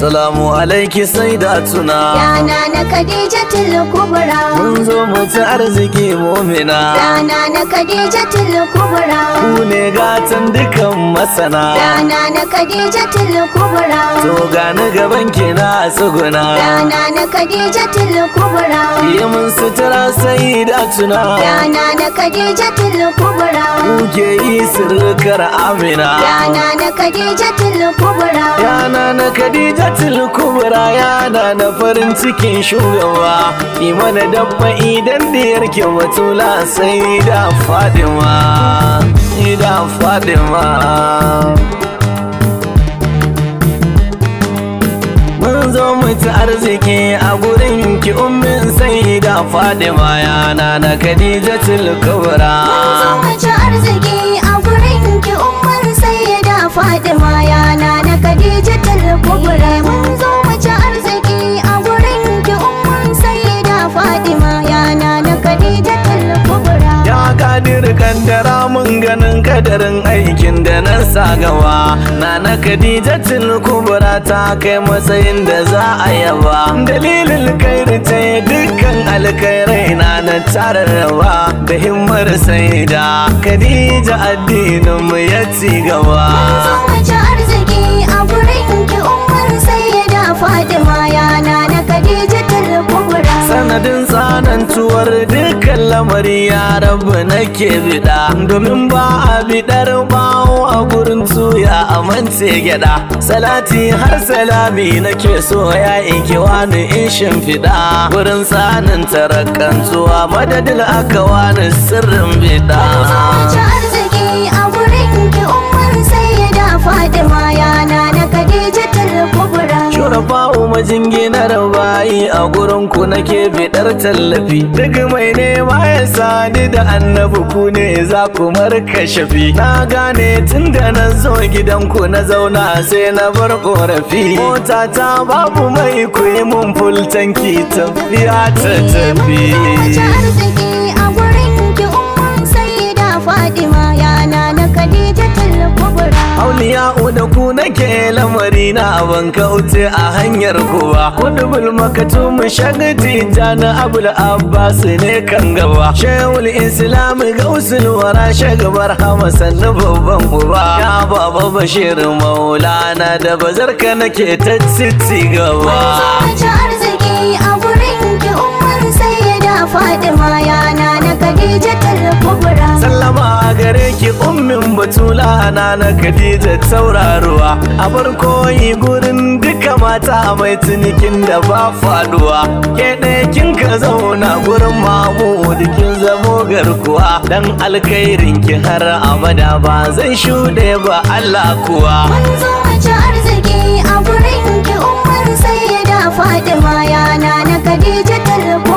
Salamu alaiki sai da tuna Yana na Khadija Kubra Mun zo mu ci arziki mumina Yana na Khadija Kubra Ku ne gatan dukan masana Yana na Khadija Kubra To gani gaban ki na tsuguna Yana na Khadija Kubra Yi mun sutura sai da tuna Yana na Khadija Kubra Ku ke yi sirrukar Amina Yana na Khadija Kubra Yana na Khadija salatul kubra yana na farin cikin shugaba imana dabba idan da yarke matula sai da fadima da fadima mun zo mutu arziki a gurin ki ummin sai da fadima yana na Khadija kubra mun zo mutu arziki a gurin ki ummin sai da yana na Khadija kubra ganin kadarin aikin da na sa gawa nana khadija kubura ta kai matsayin da za a yaba dalilin kairi ta dukkan alkairai na na tararrawa da himmar da khadija addinin mu ya ci gaba arziki a gurin ki sanadin lamari ya rabu nake biɗa domin ba a biɗar bawo a gurin zuya a mance gyaɗa salati har salami nake so ya ike wani in shimfiɗa gurin sanin tarakan zuwa madadin aka wani sirrin bida arziki a gurin ki umar sai ya da faɗi ma yana ginar bayi a gurin ku nake bidar tallafi duk mai nema ya sani da annabi ku ne za ku na gane tun da na zo gidan ku na zauna sai na bar korafi mota ta babu mai ku yi mun fultanki tafiya ta tafi arziki a gurin ki umman sai da fadima ya Auliya da ku nake lamari na ban kauce a hanyar kowa Kudubul makatu mu shagati jana abul abbas ne kan gaba Shehul islam gausul wara shagabar hama sannu babban uba Ya baba bashir maulana da bazarka nake ta tsitsi gaba arziki a gurin ki umman sayyida fatima yana na gare ki ummin batula na na Khadija tauraruwa a koyi gurin duka mata mai tunikin da ba faduwa ke ɗaya kin ka zauna gurin mamu kin zamo garkuwa dan alkhairin ki har abada ba zai shuɗe ba Allah kuwa zo a arziki a ki Fatima na Khadija tarba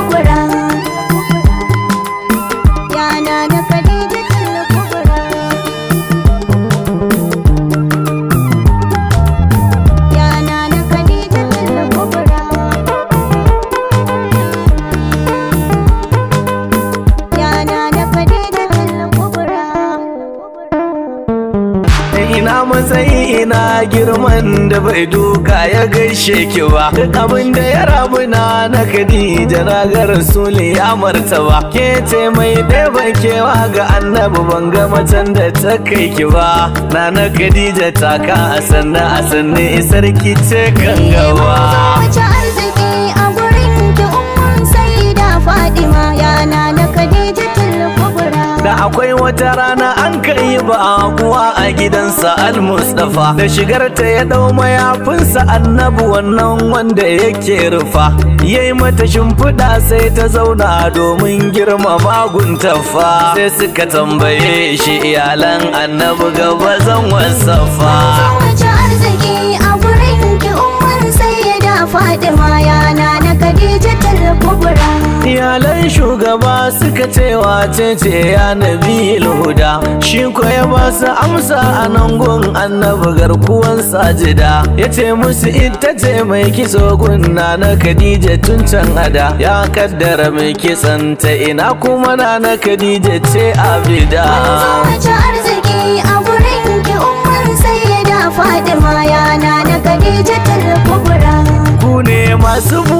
girman da bai duka ya gaishe ki ba duk abin da ya rabuna na na Khadija na ga Rasul ya martaba ke ce mai ɗaya kewa ga annabi ban ga macen da ta kai ki ba na na Khadija ta ka a sanna a sanne isar ce kan gaba akwai wata rana an kai ba kuwa a gidansa al-mustafa da shigarta ya dau mayafinsa Annabu wannan wanda yake rufa yayi mata shimfiɗa sai ta zauna domin girmama guntafa sai suka tambaye shi iyalan Annabu gaba zan wasafa Iyalan shugaba suka ce wace ce ya nabi huda shi ko ya ba su amsa a nan gun annabi garkuwan sajida ya ce musu ita ce mai kitso gunna na Khadija tun can ada ya kaddara mai kitson ta ina kuma na na Khadija ce abida. arziki a gurin ki umar sai da Fatima yana na Khadija talakubura. Ku ne masu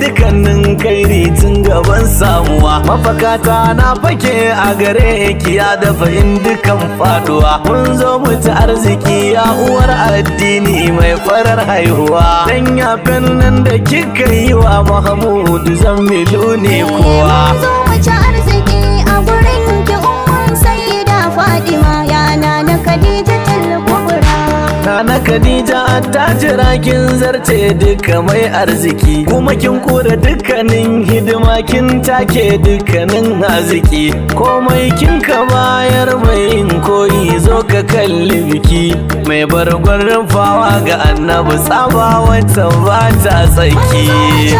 dukkanin kairi tun gaban samuwa mafakata na fake a gare ki ya dafa in dukan faduwa mun zo mu ci arziki ya uwar addini mai farar haihuwa dan yafen nan da kika yi wa Mahmudu zan ne kowa mun zo mu ci arziki a gurin ki umman sayyida Fatima Ana Khadija attajira kin zarce duka mai arziki kuma kin kora dukkanin hidima kin take dukkanin haziki komai kin ka bayar mai yin koyi zo ka kalli biki mai bargon rufawa ga annabi tsaba wata ba ta tsaki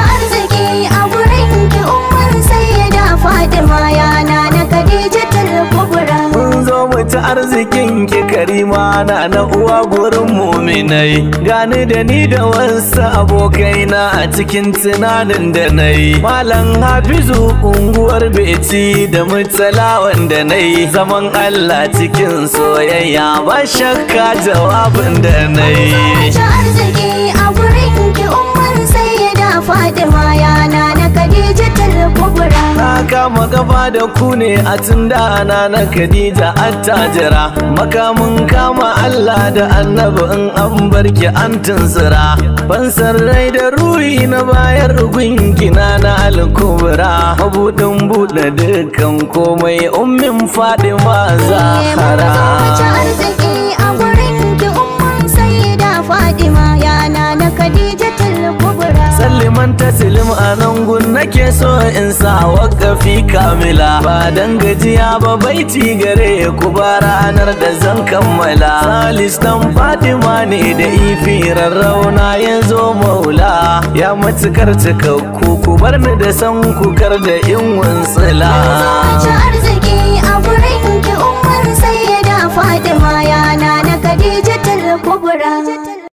arziki a gurin ki umman sai ya da fatima arzikin ki karima na na uwa gurin muminai gani da ni da wasu abokaina a cikin tunanin da nayi malam hafizu unguwar beti da mutala wanda nayi zaman allah cikin soyayya ba shakka jawabin da nayi arziki a gurin ki umar sai ya da fatima yana na kadija kama gaba da ku ne a tunda na na Khadija attajira makamin kama Allah da annabi in an barki an tunzura fansar rai da ruhi na bayar gungina na alkubra mabudin buɗe dukan komai ummin Fadima Zahara arziki a gurin ki umman sayyida Fadima yana musalliman taslim a nan gun nake so in sa wakafi kamila ba dan gajiya ba baiti gare ku ba ranar da zan kammala salis dan fatima ne da ifi rarrauna yanzu maula ya matukar cikakku ku bar ni da san ku kar da in wunsila arziki a gurin ki umar fatima yana na khadija kubra